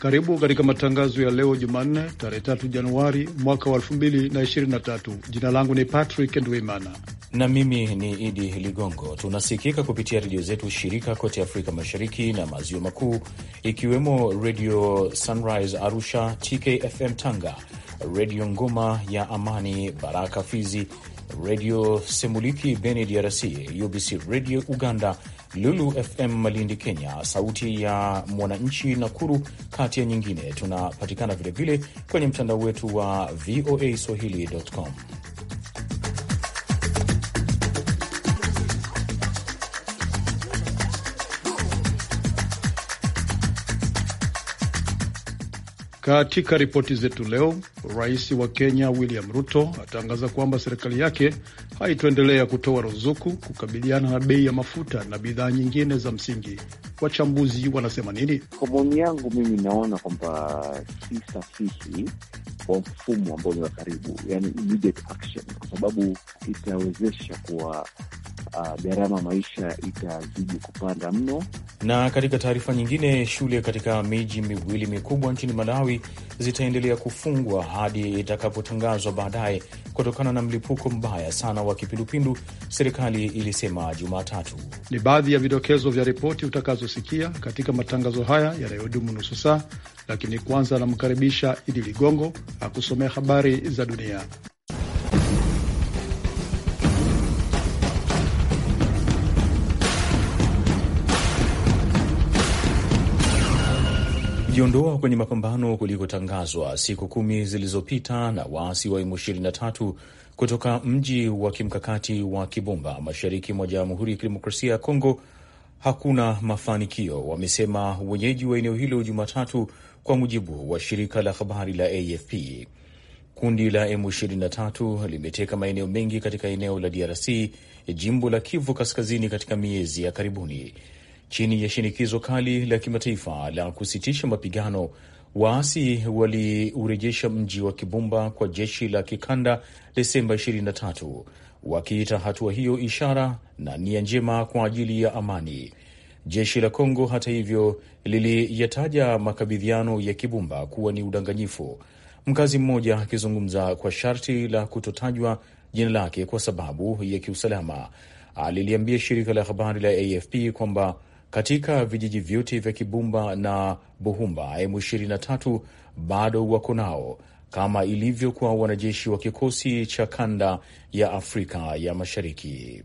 Karibu katika matangazo ya leo Jumanne, tarehe 3 Januari mwaka wa tatu. Jina langu ni Patrick Ndwimana na mimi ni Idi Ligongo. Tunasikika kupitia redio zetu shirika kote Afrika Mashariki na Maziwa Makuu, ikiwemo Redio Sunrise Arusha, TKFM Tanga, Redio Ngoma ya Amani, Baraka Fizi, Redio Semuliki Beni DRC, UBC Redio Uganda Lulu FM Malindi, Kenya, Sauti ya Mwananchi Nakuru, kati ya nyingine. Tunapatikana vilevile kwenye mtandao wetu wa VOA swahili.com. Katika ripoti zetu leo, rais wa Kenya William Ruto atangaza kwamba serikali yake haitaendelea kutoa ruzuku kukabiliana na bei ya mafuta na bidhaa nyingine za msingi wachambuzi wanasema nini? Kwa maoni yangu mimi naona kwamba si sahihi kwa mfumo ambao ni wa karibu, yani immediate action, kwa sababu itawezesha kuwa uh, maisha itazidi kupanda mno. Na katika taarifa nyingine, shule katika miji miwili mikubwa nchini Malawi zitaendelea kufungwa hadi itakapotangazwa baadaye kutokana na mlipuko mbaya sana wa kipindupindu, serikali ilisema Jumatatu. Ni baadhi ya vidokezo vya ripoti utakazo kutusikia katika matangazo haya yanayodumu nusu saa, lakini kwanza anamkaribisha Idi Ligongo akusomea habari za dunia. Kujiondoa kwenye mapambano kulikotangazwa siku kumi zilizopita na waasi wa M23 kutoka mji wa kimkakati wa Kibumba mashariki mwa Jamhuri ya Kidemokrasia ya Kongo hakuna mafanikio, wamesema wenyeji wa eneo hilo Jumatatu, kwa mujibu wa shirika la habari la AFP. Kundi la M23 limeteka maeneo mengi katika eneo la DRC, jimbo la Kivu Kaskazini, katika miezi ya karibuni chini ya shinikizo kali la kimataifa la kusitisha mapigano Waasi waliurejesha mji wa Kibumba kwa jeshi la kikanda Desemba 23, wakiita hatua hiyo ishara na nia njema kwa ajili ya amani. Jeshi la Kongo hata hivyo liliyataja makabidhiano ya Kibumba kuwa ni udanganyifu. Mkazi mmoja akizungumza kwa sharti la kutotajwa jina lake kwa sababu ya kiusalama, aliliambia shirika la habari la AFP kwamba katika vijiji vyote vya Kibumba na Buhumba, M23 bado wako nao kama ilivyo kwa wanajeshi wa kikosi cha kanda ya Afrika ya Mashariki.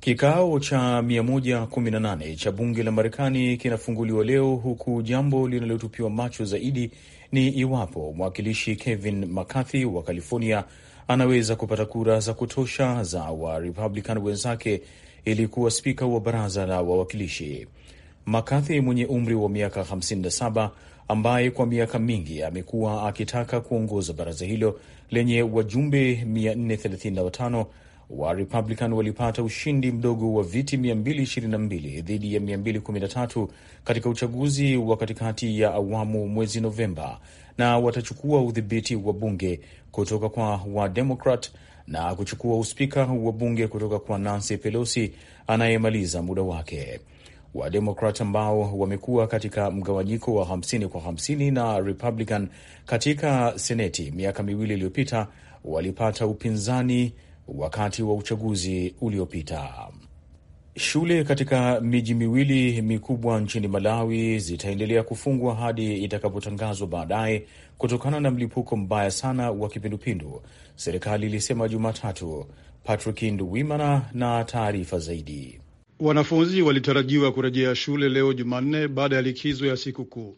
Kikao cha 118 cha bunge la Marekani kinafunguliwa leo, huku jambo linalotupiwa macho zaidi ni iwapo mwakilishi Kevin McCarthy wa California anaweza kupata kura za kutosha za Warepublican wenzake ili kuwa spika wa baraza la wawakilishi. McCarthy mwenye umri wa miaka 57 ambaye kwa miaka mingi amekuwa akitaka kuongoza baraza hilo lenye wajumbe 435 wa Republican walipata ushindi mdogo wa viti 222 dhidi ya 213 katika uchaguzi wa katikati ya awamu mwezi Novemba, na watachukua udhibiti wa bunge kutoka kwa Wademokrat na kuchukua uspika wa bunge kutoka kwa Nancy Pelosi anayemaliza muda wake. Wademokrat ambao wamekuwa katika mgawanyiko wa 50 kwa 50 na Republican katika Seneti miaka miwili iliyopita walipata upinzani wakati wa uchaguzi uliopita. Shule katika miji miwili mikubwa nchini Malawi zitaendelea kufungwa hadi itakapotangazwa baadaye kutokana na mlipuko mbaya sana wa kipindupindu, serikali ilisema Jumatatu. Patrick Nduwimana na taarifa zaidi. Wanafunzi walitarajiwa kurejea shule leo Jumanne baada ya likizo ya sikukuu,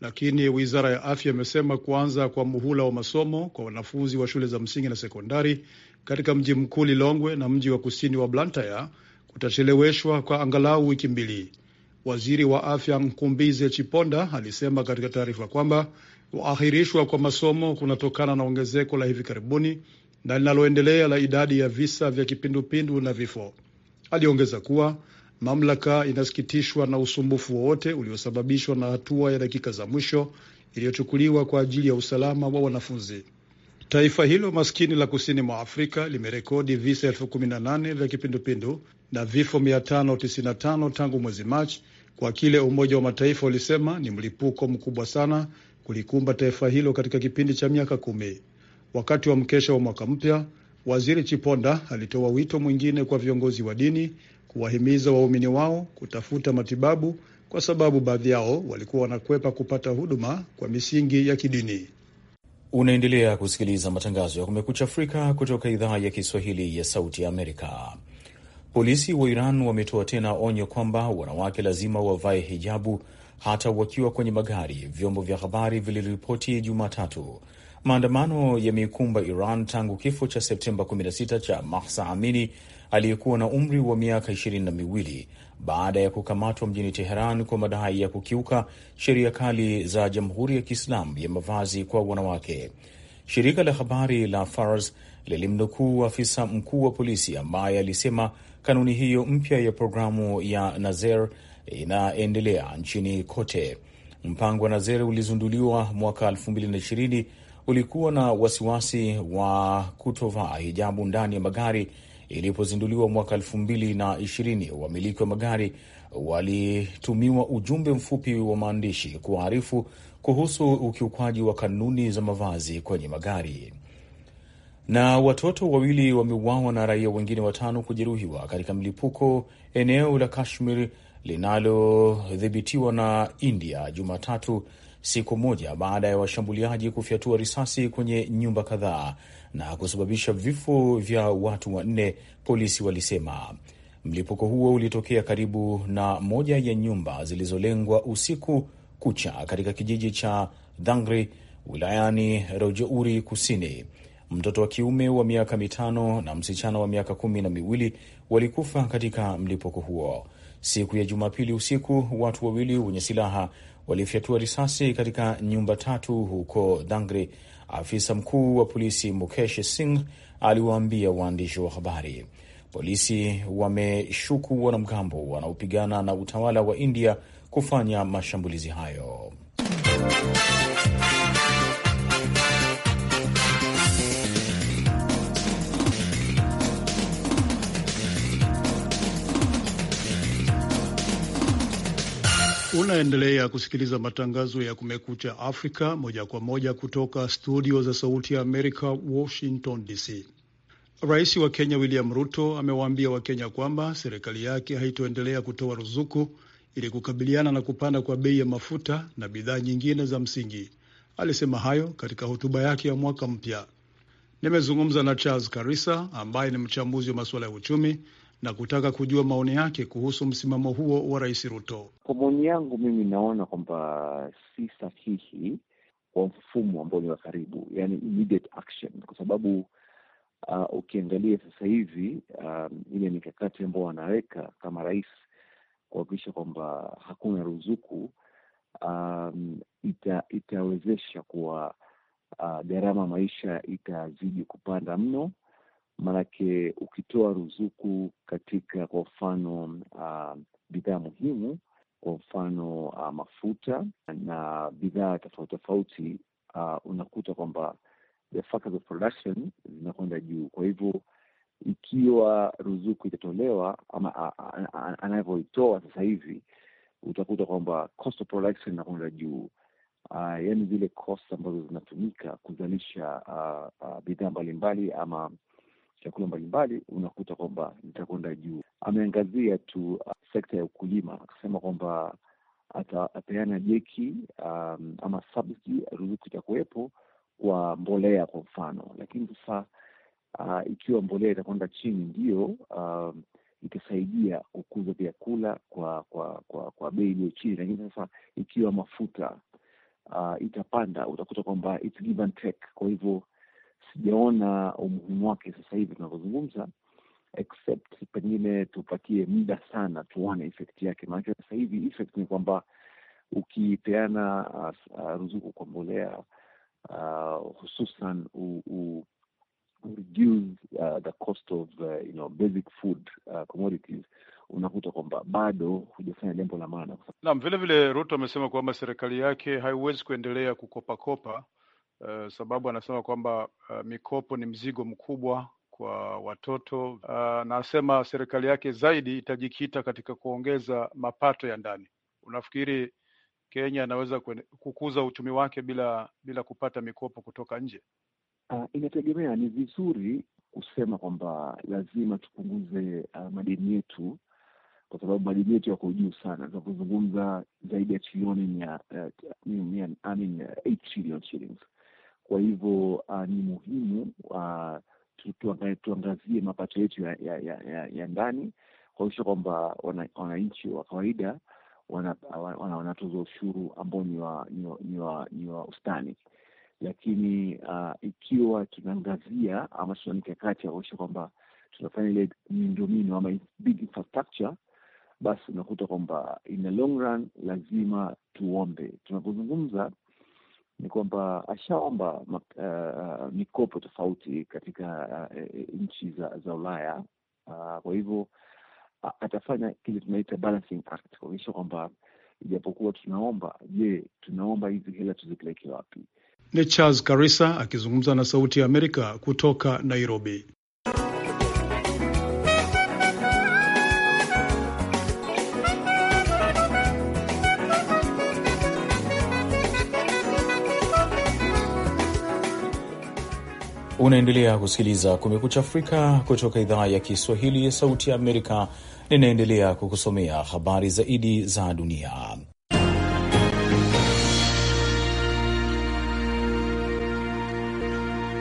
lakini wizara ya afya imesema kuanza kwa muhula wa masomo kwa wanafunzi wa shule za msingi na sekondari katika mji mkuu Lilongwe na mji wa kusini wa Blantyre kutacheleweshwa kwa angalau wiki mbili. Waziri wa afya Mkumbize Chiponda alisema katika taarifa kwamba Kuahirishwa kwa masomo kunatokana na ongezeko la hivi karibuni na linaloendelea la idadi ya visa vya kipindupindu na vifo. Aliongeza kuwa mamlaka inasikitishwa na usumbufu wowote uliosababishwa na hatua ya dakika za mwisho iliyochukuliwa kwa ajili ya usalama wa wanafunzi. Taifa hilo maskini la kusini mwa Afrika limerekodi visa elfu kumi na nane vya kipindupindu na vifo 595 tangu mwezi Machi kwa kile Umoja wa Mataifa ulisema ni mlipuko mkubwa sana kulikumba taifa hilo katika kipindi cha miaka kumi. Wakati wa mkesha wa mwaka mpya, Waziri Chiponda alitoa wito mwingine kwa viongozi wa dini kuwahimiza waumini wao kutafuta matibabu kwa sababu baadhi yao walikuwa wanakwepa kupata huduma kwa misingi ya kidini. Unaendelea kusikiliza matangazo ya Kumekucha Afrika kutoka idhaa ya Kiswahili ya Sauti ya Amerika. Polisi wa Iran wametoa tena onyo kwamba wanawake lazima wavae hijabu hata wakiwa kwenye magari, vyombo vya habari viliripoti Jumatatu. Maandamano yameikumba Iran tangu kifo cha Septemba 16 cha Mahsa Amini aliyekuwa na umri wa miaka ishirini na miwili baada ya kukamatwa mjini Teheran kwa madai ya kukiuka sheria kali za Jamhuri ya Kiislamu ya mavazi kwa wanawake. Shirika la habari la Fars lilimnukuu afisa mkuu wa polisi ambaye alisema kanuni hiyo mpya ya programu ya Nazer inaendelea nchini kote. Mpango wa Nazere ulizinduliwa mwaka 2020 ulikuwa na wasiwasi wa kutovaa hijabu ndani ya magari. Ilipozinduliwa mwaka 2020, wamiliki wa magari walitumiwa ujumbe mfupi wa maandishi kuwaarifu kuhusu ukiukwaji wa kanuni za mavazi kwenye magari. Na watoto wawili wameuawa na raia wengine watano kujeruhiwa katika mlipuko eneo la Kashmir linalodhibitiwa na India Jumatatu, siku moja baada ya washambuliaji kufyatua risasi kwenye nyumba kadhaa na kusababisha vifo vya watu wanne, polisi walisema. Mlipuko huo ulitokea karibu na moja ya nyumba zilizolengwa usiku kucha katika kijiji cha Dhangri wilayani Rajouri Kusini. Mtoto wa kiume wa miaka mitano na msichana wa miaka kumi na miwili walikufa katika mlipuko huo. Siku ya Jumapili usiku watu wawili wenye silaha walifyatua risasi katika nyumba tatu huko Dangri. Afisa mkuu wa polisi Mukesh Singh aliwaambia waandishi wa habari. Polisi wameshuku wanamgambo wanaopigana na utawala wa India kufanya mashambulizi hayo. Unaendelea kusikiliza matangazo ya Kumekucha Afrika moja kwa moja kutoka studio za Sauti ya Amerika, Washington DC. Rais wa Kenya William Ruto amewaambia Wakenya kwamba serikali yake haitoendelea kutoa ruzuku ili kukabiliana na kupanda kwa bei ya mafuta na bidhaa nyingine za msingi. Alisema hayo katika hotuba yake ya mwaka mpya. Nimezungumza na Charles Karisa ambaye ni mchambuzi wa masuala ya uchumi na kutaka kujua maoni yake kuhusu msimamo huo wa Rais Ruto. Kwa maoni yangu mimi naona kwamba si sahihi kwa mfumo ambao ni wa karibu, yani immediate action, kwa sababu uh, ukiangalia sasa hivi um, ile mikakati ambao wanaweka kama rais kuhakikisha kwamba hakuna ruzuku um, ita, itawezesha kuwa uh, maisha itazidi kupanda mno Maanake ukitoa ruzuku katika kwa mfano uh, bidhaa muhimu kwa mfano uh, mafuta na bidhaa tofauti tofauti uh, unakuta kwamba the factors of production zinakwenda juu. Kwa hivyo ikiwa ruzuku itatolewa ama anavyoitoa sasa hivi, utakuta kwamba cost of production inakwenda juu. Uh, yaani zile cost ambazo zinatumika kuzalisha uh, uh, bidhaa mbalimbali ama chakula mbalimbali, unakuta kwamba itakwenda juu. Ameangazia tu uh, sekta ya ukulima akasema kwamba atapeana jeki um, ama subsidy, ruzuku itakuwepo kwa mbolea kwa mfano. Lakini sasa uh, ikiwa mbolea itakwenda chini, ndio uh, um, itasaidia kukuza vyakula kwa kwa kwa, kwa bei iliyo chini. Lakini sasa ikiwa mafuta uh, itapanda, utakuta kwamba it's give and take. Kwa hivyo sijaona umuhimu wake sasa hivi tunavyozungumza, except pengine tupatie muda sana, tuone effect yake. Maanake sasa hivi effect ni kwamba ukipeana uh, uh, ruzuku kwa mbolea uh, hususan u, u reduce uh, the cost of uh, you know basic food uh, commodities unakuta kwamba bado hujafanya jambo la maana. Naam, vile vile Ruto amesema kwamba serikali yake haiwezi kuendelea kukopakopa uh, sababu anasema kwamba uh, mikopo ni mzigo mkubwa kwa watoto uh, na asema serikali yake zaidi itajikita katika kuongeza mapato ya ndani. Unafikiri Kenya anaweza kukuza uchumi wake bila bila kupata mikopo kutoka nje? Uh, inategemea. Ni vizuri kusema kwamba lazima tupunguze uh, madeni yetu kwa sababu madeni yetu yako juu sana, za kuzungumza zaidi ya trilioni mia, uh, mia, I mean, uh, trillion shillings kwa hivyo uh, ni muhimu uh, tuangazie mapato yetu ya, ya, ya, ya, ya ndani kuakikisha kwamba wananchi wana wa kawaida wanatoza wana, wana ushuru ambao ni wa, ni wa, ni wa, ni wa ustani lakini uh, ikiwa tunaangazia ama tuna mikakati ya kuakisha kwamba tunafanya ile miundombinu ama big infrastructure, basi unakuta kwamba in the long run lazima tuombe. Tunapozungumza ni kwamba ashaomba uh, mikopo tofauti katika uh, nchi za, za Ulaya uh, kwa hivyo uh, atafanya kile tunaita balancing act kuonyesha kwamba ijapokuwa tunaomba, je, tunaomba hizi hela tuzipeleke wapi? Ni Charles Karisa akizungumza na Sauti ya Amerika kutoka Nairobi. Unaendelea kusikiliza Kumekucha Afrika kutoka idhaa ya Kiswahili ya Sauti ya Amerika. Ninaendelea kukusomea habari zaidi za dunia.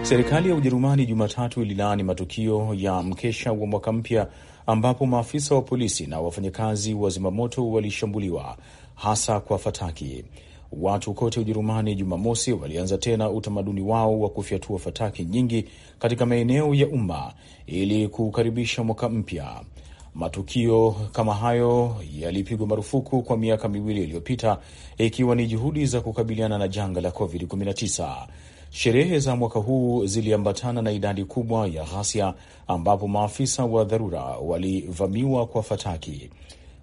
Serikali ya Ujerumani Jumatatu ililaani matukio ya mkesha wa mwaka mpya ambapo maafisa wa polisi na wafanyakazi wa zimamoto walishambuliwa hasa kwa fataki. Watu kote Ujerumani Jumamosi walianza tena utamaduni wao wa kufyatua fataki nyingi katika maeneo ya umma ili kukaribisha mwaka mpya. Matukio kama hayo yalipigwa marufuku kwa miaka miwili iliyopita, ikiwa ni juhudi za kukabiliana na janga la COVID-19. Sherehe za mwaka huu ziliambatana na idadi kubwa ya ghasia, ambapo maafisa wa dharura walivamiwa kwa fataki.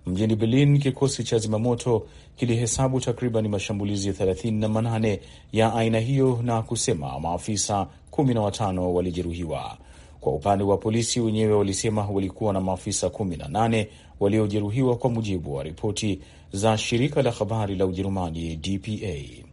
Mjini Berlin, kikosi cha zimamoto kilihesabu takriban mashambulizi 38 ya aina hiyo na kusema maafisa 15 walijeruhiwa. Kwa upande wa polisi wenyewe walisema walikuwa na maafisa 18 waliojeruhiwa, kwa mujibu wa ripoti za shirika la habari la Ujerumani DPA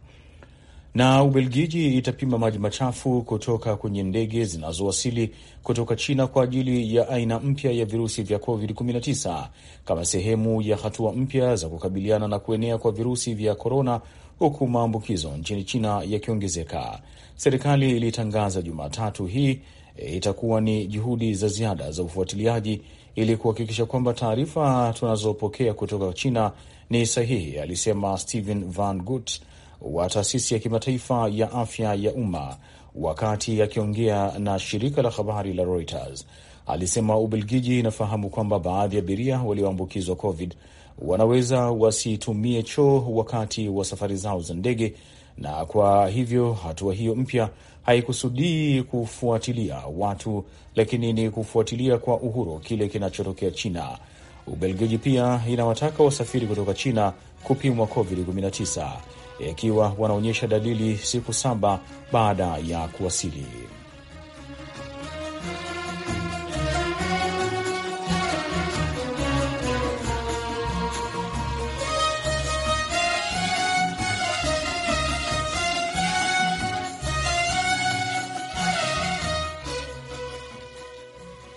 na Ubelgiji itapima maji machafu kutoka kwenye ndege zinazowasili kutoka China kwa ajili ya aina mpya ya virusi vya COVID-19 kama sehemu ya hatua mpya za kukabiliana na kuenea kwa virusi vya korona, huku maambukizo nchini China yakiongezeka. Serikali ilitangaza Jumatatu hii e, itakuwa ni juhudi za ziada za ufuatiliaji ili kuhakikisha kwamba taarifa tunazopokea kutoka China ni sahihi, alisema Steven Van Gucht wa taasisi ya kimataifa ya afya ya umma, wakati akiongea na shirika la habari la Reuters, alisema Ubelgiji inafahamu kwamba baadhi ya abiria walioambukizwa COVID wanaweza wasitumie choo wakati wa safari zao za ndege, na kwa hivyo hatua hiyo mpya haikusudii kufuatilia watu, lakini ni kufuatilia kwa uhuru kile kinachotokea China. Ubelgiji pia inawataka wasafiri kutoka China kupimwa COVID-19 ikiwa wanaonyesha dalili siku saba baada ya kuwasili.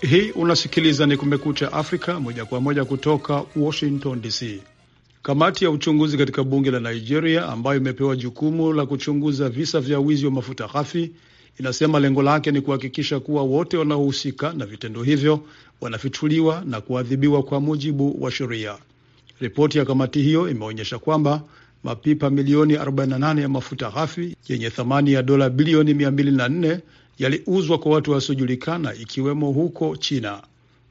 Hii unasikiliza ni Kumekucha Afrika moja kwa moja kutoka Washington DC. Kamati ya uchunguzi katika bunge la Nigeria ambayo imepewa jukumu la kuchunguza visa vya wizi wa mafuta ghafi inasema lengo lake ni kuhakikisha kuwa wote wanaohusika na vitendo hivyo wanafichuliwa na kuadhibiwa kwa mujibu wa sheria. Ripoti ya kamati hiyo imeonyesha kwamba mapipa milioni 48 ya mafuta ghafi yenye thamani ya dola bilioni 204 yaliuzwa kwa watu wasiojulikana ikiwemo huko China.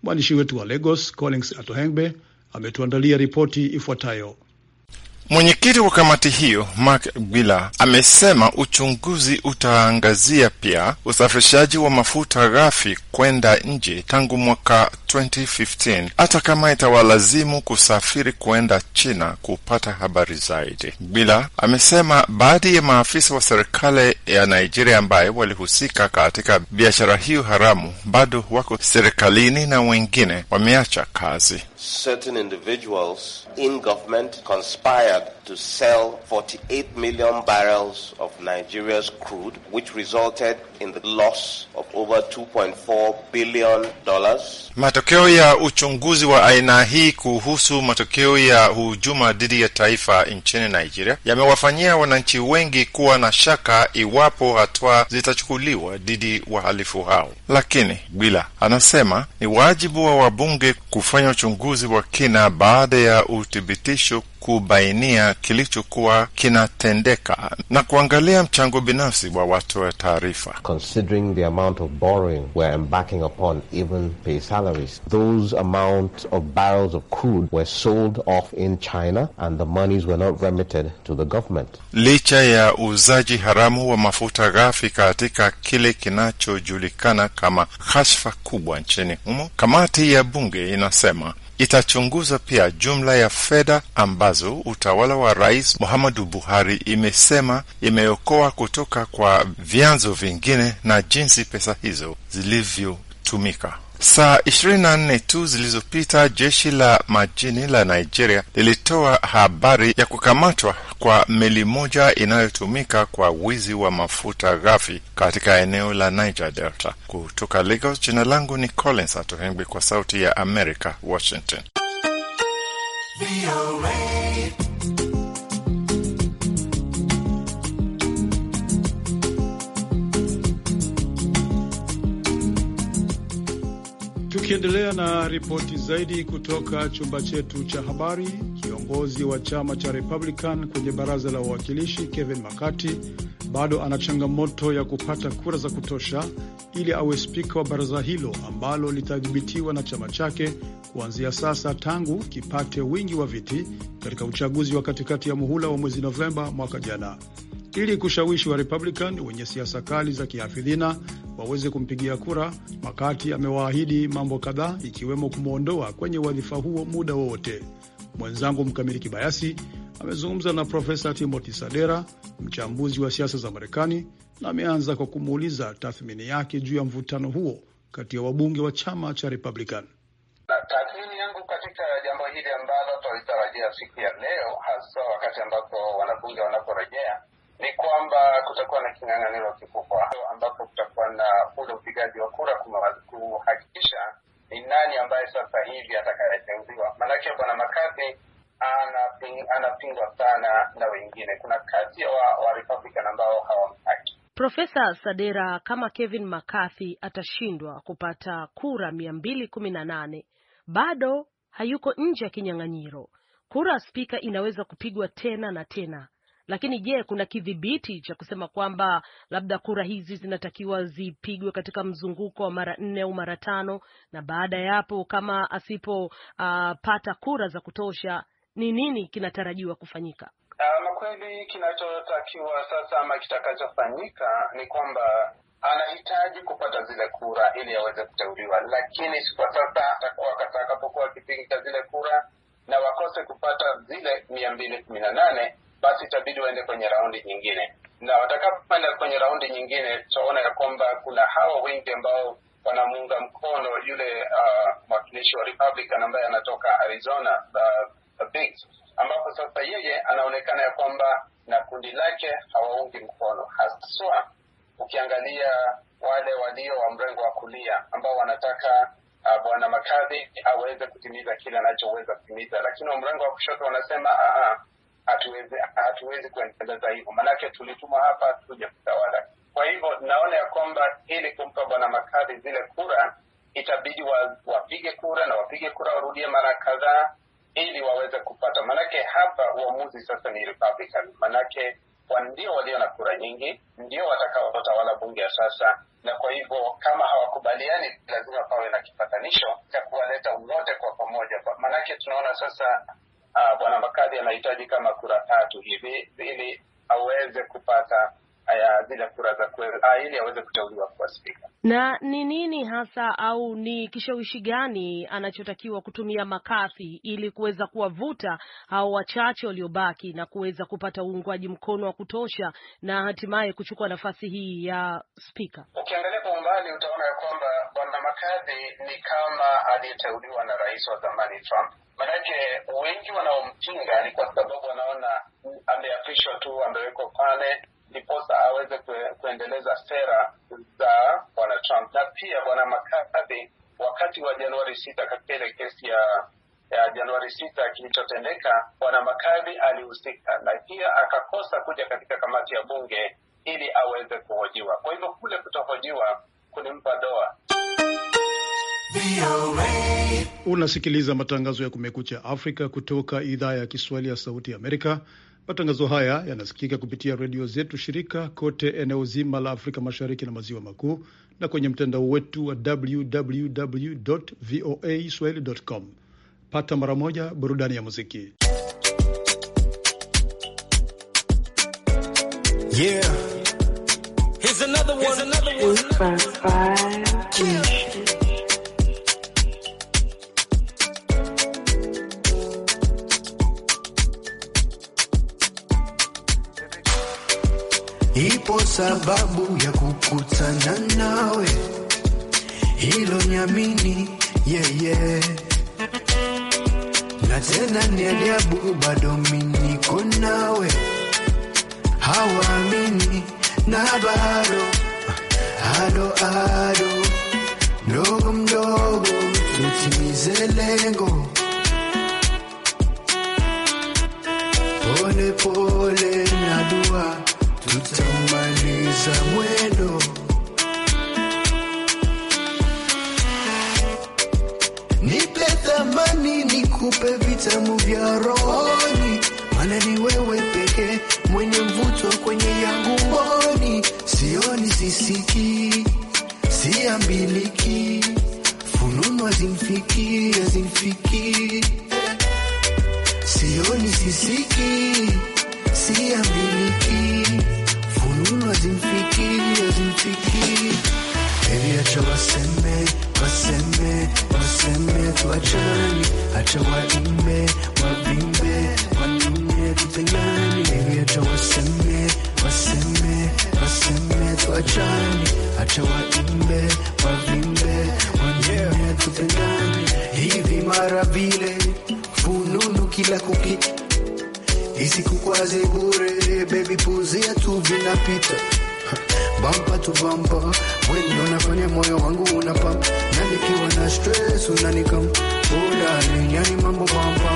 Mwandishi wetu wa Lagos Collins Atohengbe ametuandalia ripoti ifuatayo. Mwenyekiti wa kamati hiyo Mark Gwila amesema uchunguzi utaangazia pia usafirishaji wa mafuta ghafi kwenda nje tangu mwaka 2015 hata kama itawalazimu kusafiri kwenda China kupata habari zaidi. Gwila amesema baadhi ya maafisa wa serikali ya Nigeria ambaye walihusika katika biashara hiyo haramu bado wako serikalini na wengine wameacha kazi. certain individuals in government conspired to sell 48 million barrels of Nigeria's crude, which resulted in the loss of over 2.4 billion dollars. Matokeo ya uchunguzi wa aina hii kuhusu matokeo ya hujuma dhidi ya taifa nchini Nigeria yamewafanyia wananchi wengi kuwa na shaka iwapo hatua zitachukuliwa dhidi wahalifu hao. Lakini Gwila anasema ni wajibu wa wabunge kufanya uchunguzi wa kina baada ya uthibitisho kubainia kilichokuwa kinatendeka na kuangalia mchango binafsi wa watoa wa taarifa. Considering the amount of borrowing we're embarking upon even pay salaries, those amount of barrels of crude were sold off in China and the monies were not remitted to the government. Licha ya uuzaji haramu wa mafuta ghafi katika kile kinachojulikana kama kashfa kubwa nchini humo, kamati ya bunge inasema itachunguza pia jumla ya fedha ambazo utawala wa Rais Muhammadu Buhari imesema imeokoa kutoka kwa vyanzo vingine na jinsi pesa hizo zilivyotumika. Saa 24 tu zilizopita jeshi la majini la Nigeria lilitoa habari ya kukamatwa kwa meli moja inayotumika kwa wizi wa mafuta ghafi katika eneo la Niger Delta. Kutoka Lagos, jina langu ni Collins Atohengwi kwa Sauti ya America, Washington. Tukiendelea na ripoti zaidi kutoka chumba chetu cha habari, kiongozi wa chama cha Republican kwenye baraza la wawakilishi Kevin McCarthy bado ana changamoto ya kupata kura za kutosha ili awe spika wa baraza hilo ambalo litadhibitiwa na chama chake kuanzia sasa, tangu kipate wingi wa viti katika uchaguzi wa katikati ya muhula wa mwezi Novemba mwaka jana. Ili kushawishi wa Republican wenye siasa kali za kihafidhina waweze kumpigia kura. Makati amewaahidi mambo kadhaa, ikiwemo kumwondoa kwenye wadhifa huo muda wowote. Mwenzangu Mkamili Kibayasi amezungumza na Profesa Timothy Sadera, mchambuzi wa siasa za Marekani, na ameanza kwa kumuuliza tathmini yake juu ya mvutano huo kati ya wabunge wa chama cha Republican. Tathmini yangu katika jambo hili ambalo tunalitarajia siku ya leo, hasa wakati ambapo wanabunge wanaporejea ni kwamba kutakuwa na kinyang'anyiro kikubwa ambapo kutakuwa na ule upigaji wa kura kuhakikisha ni nani ambaye sasa hivi atakayeteuliwa. Maanake bwana makadhi anapingwa sana na wengine. Kuna kati ya wa, wa Republican ambao hawamtaki Profesa Sadera. Kama Kevin McCarthy atashindwa kupata kura mia mbili kumi na nane bado hayuko nje ya kinyang'anyiro. Kura ya spika inaweza kupigwa tena na tena lakini je, kuna kidhibiti cha kusema kwamba labda kura hizi zinatakiwa zipigwe katika mzunguko wa mara nne au mara tano, na baada ya hapo kama asipopata ah, uh, kura za kutosha, ni nini kinatarajiwa kufanyika? Um, kweli kinachotakiwa sasa ama kitakachofanyika ni kwamba anahitaji kupata zile kura ili aweze kuteuliwa, lakini kwa sasa atakapokuwa cha zile kura na wakose kupata zile mia mbili kumi na nane basi itabidi waende kwenye raundi nyingine, na watakapoenda kwenye raundi nyingine, tutaona ya kwamba kuna hawa wengi ambao wanamuunga mkono yule uh, mwakilishi uh, wa Republican ambaye anatoka Arizona ambapo sasa yeye anaonekana ya kwamba na kundi lake hawaungi mkono haswa, ukiangalia wale walio wa mrengo wa kulia ambao wanataka uh, bwana makadhi aweze kutimiza kile anachoweza kutimiza, lakini wa mrengo wa kushoto wanasema uh, hatuwezi hatuwezi kuendeleza hivyo, maanake tulituma hapa tuje kutawala. Kwa hivyo naona ya kwamba ili kumpa bwana Makadhi zile kura itabidi wa, wapige kura na wapige kura warudie mara kadhaa ili waweze kupata, maanake hapa uamuzi sasa ni Republican, maanake ndio walio na kura nyingi ndio watakaotawala bunge ya sasa, na kwa hivyo kama hawakubaliani, lazima pawe na kipatanisho cha kuwaleta wote kwa pamoja, maanake tunaona sasa Ah, bwana Makadhi anahitaji kama kura tatu hivi ili aweze kupata zile kura za ah, ili aweze kuteuliwa kuwa spika. Na ni nini hasa au ni kishawishi gani anachotakiwa kutumia makasi ili kuweza kuwavuta hao wachache waliobaki na kuweza kupata uungwaji mkono wa kutosha na hatimaye kuchukua nafasi hii ya spika? Ukiangalia kwa umbali utaona ya kwamba bwana Makadhi ni kama aliyeteuliwa na rais wa zamani Trump. Manake wengi wanaompinga ni kwa sababu wanaona ameapishwa tu, amewekwa pale ndiposa aweze kuendeleza sera za bwana Trump na pia bwana McCarthy wakati wa Januari sita katika ile kesi ya ya Januari sita kilichotendeka, bwana McCarthy alihusika na pia akakosa kuja katika kamati ya bunge ili aweze kuhojiwa. Kwa hivyo kule kutohojiwa kulimpa doa. Unasikiliza matangazo ya Kumekucha Afrika kutoka idhaa ya Kiswahili ya Sauti ya Amerika. Matangazo haya yanasikika kupitia redio zetu shirika kote eneo zima la Afrika Mashariki na Maziwa Makuu na kwenye mtandao wetu wa www voa swahili com. Pata mara moja burudani ya muziki yeah. ipo sababu ya kukutana nawe, hilo nyamini yeye yeah, yeah. Na tena ni ajabu bado miniko nawe, hawaamini na bado ado ado mdogo mdogo tutimize lengo pole pole na dua tutamaliza mwendo nipe thamani nikupe vitamu vya rohoni mana ni wewe pekee mwenye mvuto kwenye yangu mboni sioni sisiki siambiliki fununu azimfiki azimfiki sioni sisiki siambiliki azimfiki azimfiki, baby acha waseme waseme waseme, tuachani, acha waime wavimbe wanine tutengani, baby acha waseme waseme waseme, tuachani, acha waime wavimbe wanine tutengani, hivi mara vile fununu kila kuki isiku kwaze bure baby, puzia tu vinapita bampa tu bampa, wewe unafanya moyo wangu unapampa, na nikiwa na stress unanikam udani, oh, yani mambo bampa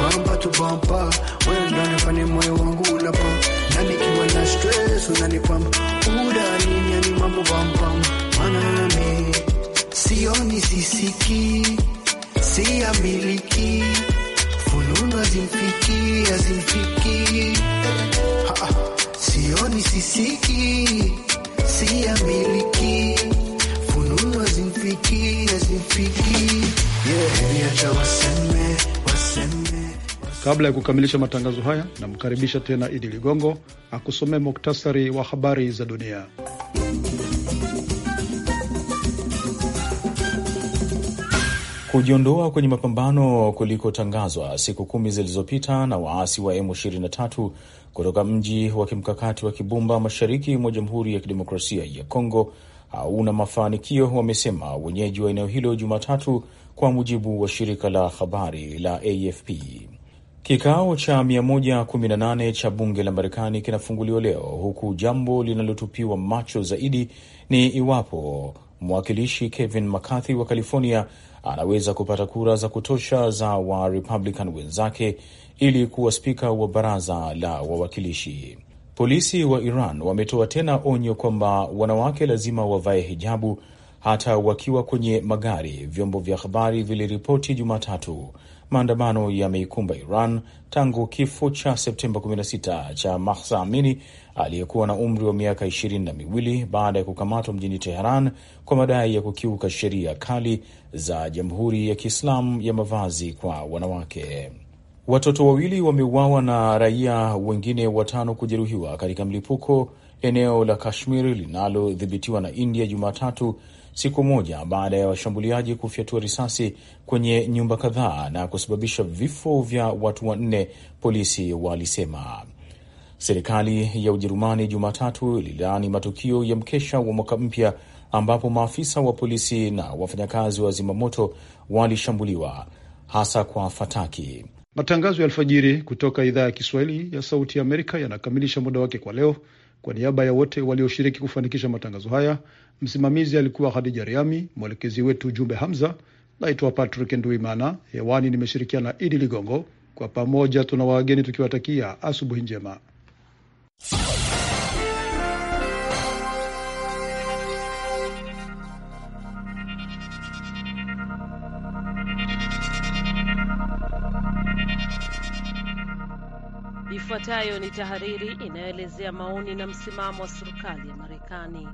bampa tu bampa, wewe unafanya moyo wangu unapampa, na nikiwa na stress unanipampa udani, oh, yani mambo bampa, maana sioni sisiki, siamiliki sioni sisiki, acha waseme, waseme. Kabla ya kukamilisha matangazo haya, namkaribisha tena Idi Ligongo akusomee muktasari wa habari za dunia. kujiondoa kwenye mapambano kulikotangazwa siku kumi zilizopita na waasi wa M23 kutoka mji wa kimkakati wa Kibumba mashariki mwa Jamhuri ya Kidemokrasia ya Kongo hauna mafanikio, wamesema wenyeji wa eneo hilo Jumatatu, kwa mujibu wa shirika la habari la AFP. Kikao cha 118 cha bunge la Marekani kinafunguliwa leo, huku jambo linalotupiwa macho zaidi ni iwapo mwakilishi Kevin McCarthy wa California anaweza kupata kura za kutosha za Warepublican wenzake ili kuwa spika wa baraza la wawakilishi. Polisi wa Iran wametoa tena onyo kwamba wanawake lazima wavae hijabu hata wakiwa kwenye magari, vyombo vya habari viliripoti Jumatatu maandamano yameikumba Iran tangu kifo cha Septemba 16 cha Mahsa Amini aliyekuwa na umri wa miaka ishirini na miwili baada ya kukamatwa mjini Teheran kwa madai ya kukiuka sheria kali za Jamhuri ya Kiislamu ya mavazi kwa wanawake. Watoto wawili wameuawa na raia wengine watano kujeruhiwa katika mlipuko eneo la Kashmir linalodhibitiwa na India Jumatatu, siku moja baada ya washambuliaji kufyatua risasi kwenye nyumba kadhaa na kusababisha vifo vya watu wanne, polisi walisema. Serikali ya Ujerumani Jumatatu ililaani matukio ya mkesha wa mwaka mpya ambapo maafisa wa polisi na wafanyakazi wa zimamoto walishambuliwa hasa kwa fataki. Matangazo ya alfajiri kutoka idhaa ya Kiswahili ya Sauti ya Amerika yanakamilisha muda wake kwa leo. Kwa niaba ya wote walioshiriki kufanikisha matangazo haya, msimamizi alikuwa Hadija Riami, mwelekezi wetu Jumbe Hamza. Naitwa Patrick Nduimana, hewani nimeshirikiana Idi Ligongo. Kwa pamoja tuna wageni tukiwatakia asubuhi njema. Ifuatayo ni tahariri inayoelezea maoni na msimamo wa serikali ya Marekani.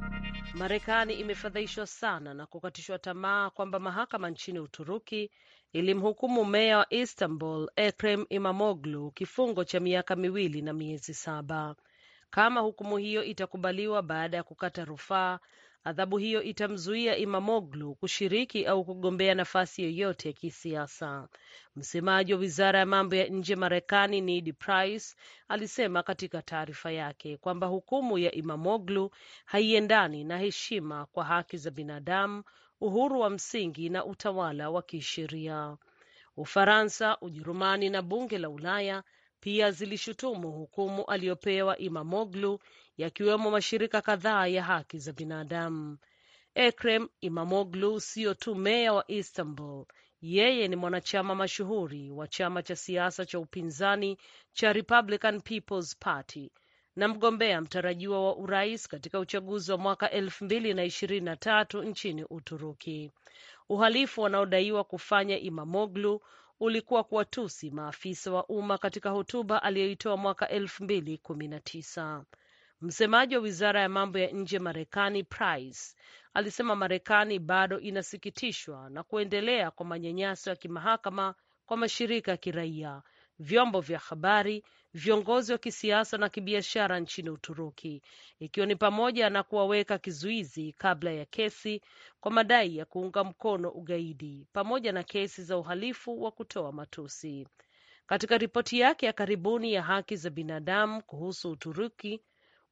Marekani imefadhaishwa sana na kukatishwa tamaa kwamba mahakama nchini Uturuki ilimhukumu meya wa Istanbul Ekrem Imamoglu kifungo cha miaka miwili na miezi saba. Kama hukumu hiyo itakubaliwa baada ya kukata rufaa, Adhabu hiyo itamzuia Imamoglu kushiriki au kugombea nafasi yoyote ya kisiasa. Msemaji wa wizara ya mambo ya nje Marekani, Ned Price, alisema katika taarifa yake kwamba hukumu ya Imamoglu haiendani na heshima kwa haki za binadamu, uhuru wa msingi na utawala wa kisheria. Ufaransa, Ujerumani na bunge la Ulaya pia zilishutumu hukumu aliyopewa Imamoglu yakiwemo mashirika kadhaa ya haki za binadamu. Ekrem Imamoglu siyo tu meya wa Istanbul, yeye ni mwanachama mashuhuri wa chama cha siasa cha upinzani cha Republican People's Party na mgombea mtarajiwa wa urais katika uchaguzi wa mwaka elfu mbili na ishirini na tatu nchini Uturuki. Uhalifu wanaodaiwa kufanya Imamoglu ulikuwa kuwatusi maafisa wa umma katika hotuba aliyoitoa mwaka elfu mbili kumi na tisa. Msemaji wa wizara ya mambo ya nje Marekani Price alisema Marekani bado inasikitishwa na kuendelea kwa manyanyaso ya kimahakama kwa mashirika ya kiraia, vyombo vya habari, viongozi wa kisiasa na kibiashara nchini Uturuki, ikiwa ni pamoja na kuwaweka kizuizi kabla ya kesi kwa madai ya kuunga mkono ugaidi pamoja na kesi za uhalifu wa kutoa matusi. Katika ripoti yake ya karibuni ya haki za binadamu kuhusu Uturuki,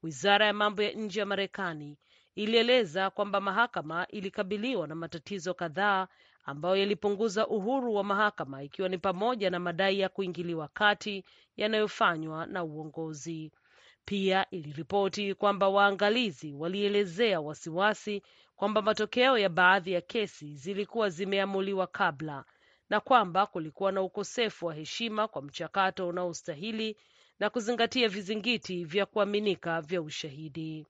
Wizara ya mambo ya nje ya Marekani ilieleza kwamba mahakama ilikabiliwa na matatizo kadhaa ambayo yalipunguza uhuru wa mahakama ikiwa ni pamoja na madai ya kuingiliwa kati yanayofanywa na uongozi. Pia iliripoti kwamba waangalizi walielezea wasiwasi kwamba matokeo ya baadhi ya kesi zilikuwa zimeamuliwa kabla na kwamba kulikuwa na ukosefu wa heshima kwa mchakato unaostahili na kuzingatia vizingiti vya kuaminika vya ushahidi.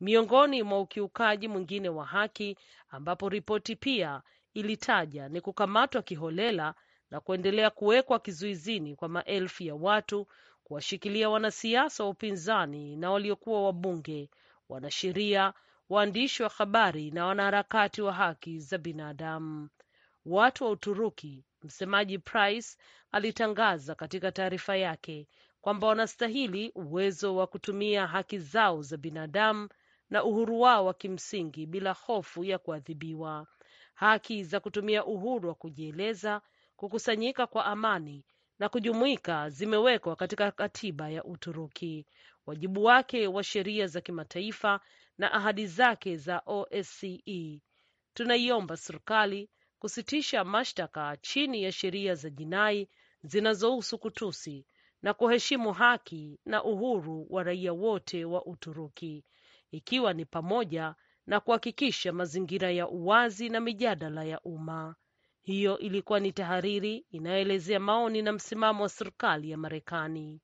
Miongoni mwa ukiukaji mwingine wa haki ambapo ripoti pia ilitaja ni kukamatwa kiholela na kuendelea kuwekwa kizuizini kwa maelfu ya watu, kuwashikilia wanasiasa wa upinzani na waliokuwa wabunge, wanasheria, waandishi wa habari na wanaharakati wa haki za binadamu. Watu wa Uturuki, msemaji Price alitangaza katika taarifa yake kwamba wanastahili uwezo wa kutumia haki zao za binadamu na uhuru wao wa kimsingi bila hofu ya kuadhibiwa, haki za kutumia uhuru wa kujieleza, kukusanyika kwa amani na kujumuika zimewekwa katika katiba ya Uturuki, wajibu wake wa sheria za kimataifa na ahadi zake za OSCE. Tunaiomba serikali kusitisha mashtaka chini ya sheria za jinai zinazohusu kutusi na kuheshimu haki na uhuru wa raia wote wa Uturuki, ikiwa ni pamoja na kuhakikisha mazingira ya uwazi na mijadala ya umma. Hiyo ilikuwa ni tahariri inayoelezea maoni na msimamo wa serikali ya Marekani.